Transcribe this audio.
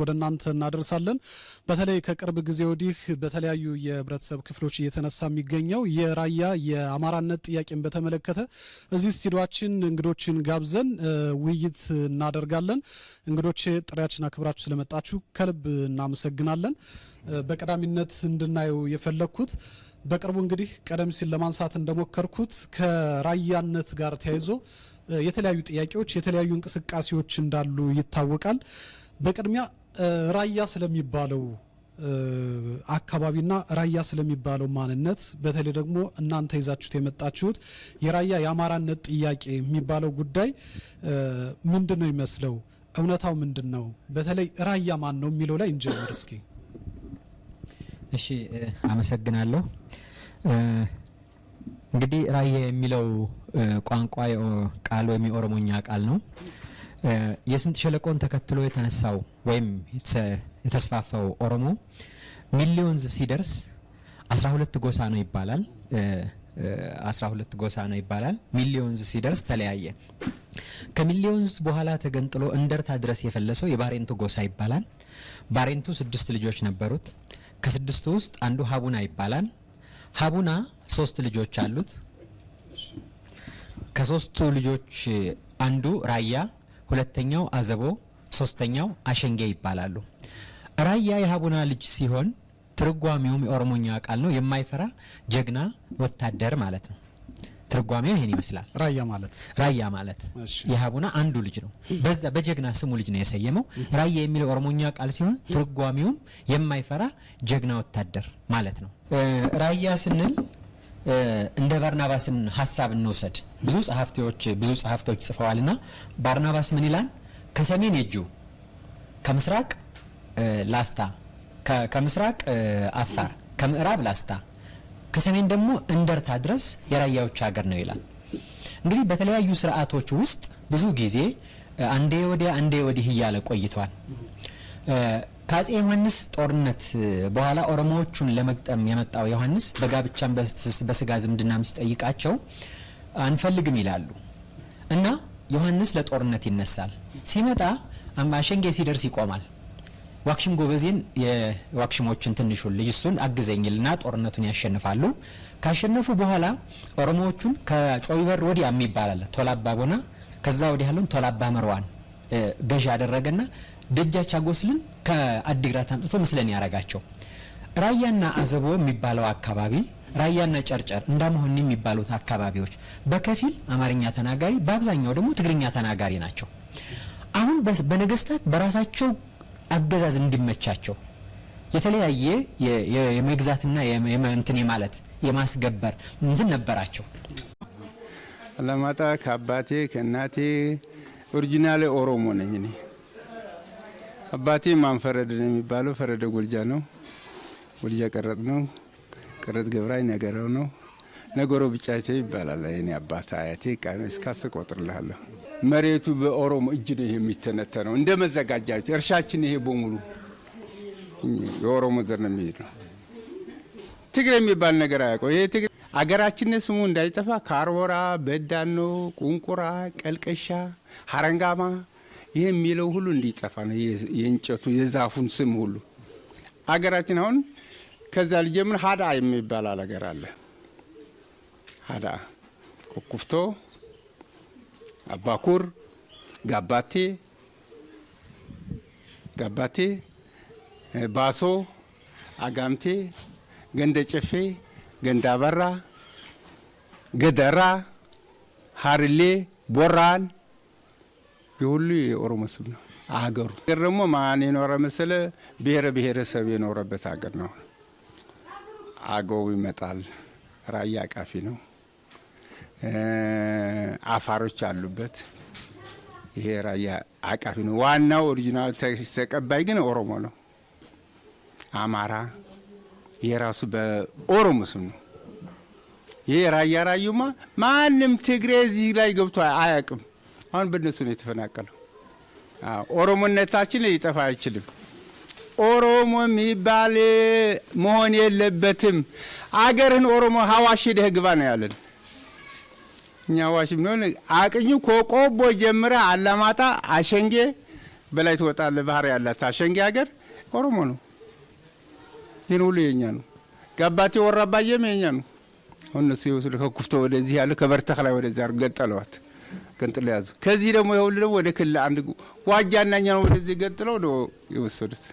ወደ እናንተ እናደርሳለን። በተለይ ከቅርብ ጊዜ ወዲህ በተለያዩ የህብረተሰብ ክፍሎች እየተነሳ የሚገኘው የራያ የአማራነት ጥያቄን በተመለከተ እዚህ ስቱዲዮችን እንግዶችን ጋብዘን ውይይት እናደርጋለን። እንግዶች ጥሪያችን አክብራችሁ ስለመጣችሁ ከልብ እናመሰግናለን። በቀዳሚነት እንድናየው የፈለግኩት በቅርቡ እንግዲህ ቀደም ሲል ለማንሳት እንደሞከርኩት ከራያነት ጋር ተያይዞ የተለያዩ ጥያቄዎች፣ የተለያዩ እንቅስቃሴዎች እንዳሉ ይታወቃል። በቅድሚያ ራያ ስለሚባለው አካባቢና ራያ ስለሚባለው ማንነት በተለይ ደግሞ እናንተ ይዛችሁት የመጣችሁት የራያ የአማራነት ጥያቄ የሚባለው ጉዳይ ምንድን ነው ይመስለው? እውነታው ምንድን ነው? በተለይ ራያ ማን ነው የሚለው ላይ እንጀምር እስኪ። እሺ፣ አመሰግናለሁ። እንግዲህ ራያ የሚለው ቋንቋ ቃል ወይም የኦሮሞኛ ቃል ነው። የስንት ሸለቆን ተከትሎ የተነሳው ወይም የተስፋፋው ኦሮሞ ሚሊዮንዝ ሲደርስ 12 ጎሳ ነው ይባላል። 12 ጎሳ ነው ይባላል። ሚሊዮንዝ ሲደርስ ተለያየ። ከሚሊዮንዝ በኋላ ተገንጥሎ እንደርታ ድረስ የፈለሰው የባሬንቱ ጎሳ ይባላል። ባሬንቱ ስድስት ልጆች ነበሩት። ከስድስቱ ውስጥ አንዱ ሀቡና ይባላል። ሀቡና ሶስት ልጆች አሉት። ከሶስቱ ልጆች አንዱ ራያ ሁለተኛው አዘቦ፣ ሶስተኛው አሸንጌ ይባላሉ። ራያ የሀቡና ልጅ ሲሆን ትርጓሜውም የኦሮሞኛ ቃል ነው፣ የማይፈራ ጀግና ወታደር ማለት ነው። ትርጓሜው ይህን ይመስላል። ራያ ማለት ራያ ማለት የሀቡና አንዱ ልጅ ነው። በዛ በጀግና ስሙ ልጅ ነው የሰየመው። ራያ የሚለው ኦሮሞኛ ቃል ሲሆን ትርጓሜውም የማይፈራ ጀግና ወታደር ማለት ነው። ራያ ስንል እንደ ባርናባስን ሀሳብ እንውሰድ። ብዙ ጸሐፍቶች ብዙ ጸሐፍቶች ጽፈዋልና ባርናባስ ምን ይላል? ከሰሜን የጁ ከምስራቅ ላስታ፣ ከምስራቅ አፋር፣ ከምዕራብ ላስታ፣ ከሰሜን ደግሞ እንደርታ ድረስ የራያዎች ሀገር ነው ይላል። እንግዲህ በተለያዩ ስርዓቶች ውስጥ ብዙ ጊዜ አንዴ ወዲያ አንዴ ወዲህ እያለ ቆይቷል። ከአጼ ዮሐንስ ጦርነት በኋላ ኦሮሞዎቹን ለመግጠም የመጣው ዮሐንስ በጋብቻም በስጋ ዝምድናም ሲጠይቃቸው አንፈልግም ይላሉ እና ዮሐንስ ለጦርነት ይነሳል። ሲመጣ አሸንጌ ሲደርስ ይቆማል። ዋክሽም ጎበዜን የዋክሽሞችን ትንሹን ልጅ እሱን አግዘኝልና ጦርነቱን ያሸንፋሉ። ካሸነፉ በኋላ ኦሮሞዎቹን ከጮይበር ወዲያ የሚባል ቶላባ ቦና፣ ከዛ ወዲያ ያለውን ቶላባ መርዋን ገዢ አደረገና ደጃች አጎስልን ከአዲግራት አምጥቶ ምስለን ያረጋቸው ራያና አዘቦ የሚባለው አካባቢ ራያና ጨርጨር እንዳመሆን የሚባሉት አካባቢዎች በከፊል አማርኛ ተናጋሪ፣ በአብዛኛው ደግሞ ትግርኛ ተናጋሪ ናቸው። አሁን በነገስታት በራሳቸው አገዛዝ እንዲመቻቸው የተለያየ የመግዛትና እንትን የማለት የማስገበር እንትን ነበራቸው። አላማጣ ከአባቴ ከእናቴ ኦሪጂናሌ ኦሮሞ ነኝ እኔ አባቴ ማን ማንፈረድ ነው የሚባለው። ፈረደ ጎልጃ ነው። ጎልጃ ቀረጥ ነው። ቀረጥ ገብራይ ነገረው ነው። ነገሮ ብጫቴ ይባላል። የኔ አባት አያቴ እስካስ ቆጥርልሃለሁ። መሬቱ በኦሮሞ እጅ ነው ይሄ የሚተነተነው። እንደ መዘጋጃች እርሻችን ይሄ በሙሉ የኦሮሞ ዘር ነው የሚሄድ ነው። ትግሬ የሚባል ነገር አያውቀው። ይሄ ትግ አገራችን ስሙ እንዳይጠፋ ካርቦራ፣ በዳኖ፣ ቁንቁራ፣ ቀልቀሻ፣ ሀረንጋማ ይህ የሚለው ሁሉ እንዲጠፋ ነው። የእንጨቱ የዛፉን ስም ሁሉ አገራችን አሁን ከዛ ልጀምር ሀዳ የሚባል አገር አለ። ሀዳ ኮኩፍቶ፣ አባኩር፣ ጋባቴ ጋባቴ፣ ባሶ፣ አጋምቴ፣ ገንደ ጨፌ፣ ገንዳ በራ፣ ገደራ፣ ሀርሌ፣ ቦራን የሁሉ የኦሮሞ ስም ነው። አገሩ ገር ደግሞ ማን የኖረ መሰለ ብሔረ ብሔረሰብ የኖረበት አገር ነው። አገው ይመጣል። ራያ አቃፊ ነው። አፋሮች አሉበት። ይሄ ራያ አቃፊ ነው። ዋናው ኦሪጂናል ተቀባይ ግን ኦሮሞ ነው። አማራ የራሱ በኦሮሞ ስም ነው። ይሄ ራያ ራዩማ ማንም ትግሬ እዚህ ላይ ገብቶ አያውቅም። አሁን በእነሱ ነው የተፈናቀለው። ኦሮሞነታችን ሊጠፋ አይችልም። ኦሮሞ የሚባል መሆን የለበትም። አገርህን ኦሮሞ ሀዋሽ ሄደህ ግባ ነው ያለን። እኛ ሀዋሽ ብንሆን አቅኙ ከቆቦ ጀምረ አላማጣ፣ አሸንጌ በላይ ትወጣለ ባህር ያላት አሸንጌ ሀገር ኦሮሞ ነው። ይህን ሁሉ የኛ ነው። ጋባቴ ወራባየም የኛ ነው። አሁን እነሱ ይወስዱ ከኩፍቶ ወደዚህ ያለ ከበርተክ ላይ ወደዚያ ገጠለዋት ገንጥሎ ያዙ። ከዚህ ደግሞ የሁሉ ደግሞ ወደ ክልል አንድ ዋጃ እናኛ ነው ወደዚህ ገንጥለው ነው የወሰዱት።